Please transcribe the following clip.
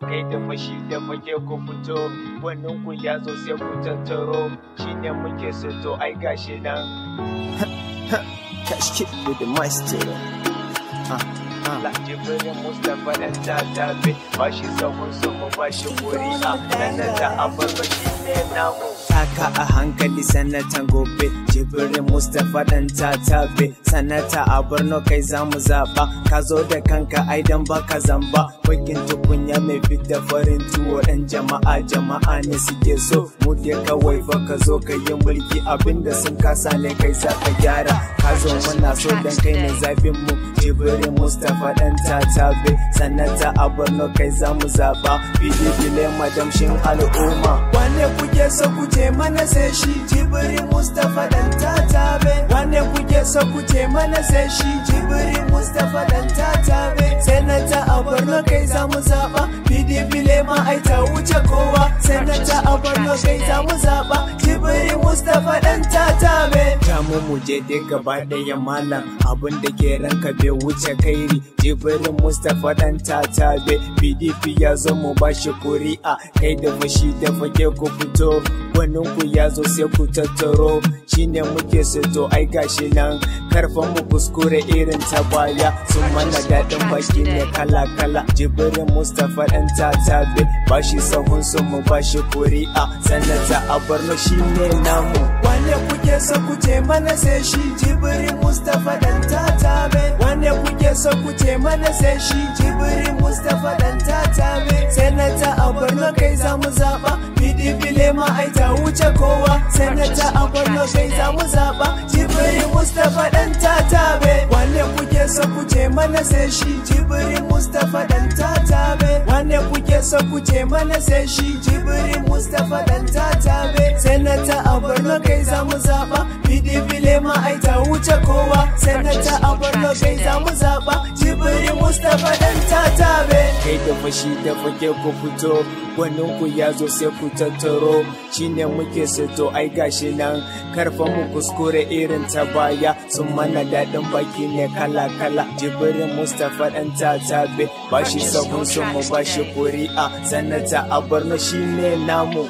kai da mashi da muke ku fito wannan ku ya zo sai ku tattaro shine muke so to ai gashi nan kashi ah Lajibirin ba shi ba shi sanata ne namu. Taka a hankali sanatan gobe jibirin Mustapha dan tafe sanata a Borno kai za mu zaɓa ka zo da kanka ai dan baka zamba bakin tukunya mai fita farin tuwo dan jama'a jama'a ne suke so mu dai kawai baka ka zo ka yi mulki abinda sun kasa ne kai za ka gyara ka zo muna so dan kai ne zafin mu jibirin Mustapha faɗan tatabe sanata a borno kai za mu zaɓa pdp ne madamshin al'umma wane kuke so ce mana sai shi jibiri mustapha dan tatabe wane kuke so ce mana sai shi jibiri mustapha dan Sannan sanata a borno kai za mu zaɓa fiye ne ma ai ta wuce kowa sanata Kano kai za mu zaɓa Jibril Mustapha ɗan tata me. mu je dai gaba ɗaya malam abin da ke ranka bai wuce kairi Jibril Mustapha ɗan tata be PDP ya zo mu bashi ƙuri'a, kuri'a kai da mu da fage ku fito. wannan ku ya zo sai ku tattaro shine muke so to ai gashi nan karfan mu kuskure irin ta baya sun mana daɗin baki ne kala kala jibirin mustafa ɗan tatabe ba shi sahun su mu ba shi kuri'a sanata a barno shine namu wanne kuke so ku ce mana sai shi jibirin mustafa ɗan tatabe wanne kuke so ku ce mana sai shi jibirin mustafa ɗan tatabe sanata a barno kai zamu za wuce kowa sanata a kwallo kai za mu zaɓa jibiri mustapha ɗan tatabe wanne kuke so kuce mana sai shi jibiri mustapha ɗan tatabe wanne kuke so kuce mana sai shi jibiri mustapha ɗan tatabe sanata a kwallo kai za mu zaɓa pdp lema ai ta wuce kowa sanata a kwallo kai za mu zaɓa jibiri mustapha ɗan tatabe kai da fashi da fage ku fito gwanin ku ya zo sai ku tattaro shine muke sato ai gashi nan karfa mu kuskure irin ta baya sun mana daɗin baki ne kala kala jibirin mustapha ɗan tabe bashi shi sun mu bashi shi kuri'a sanata a shi ne namu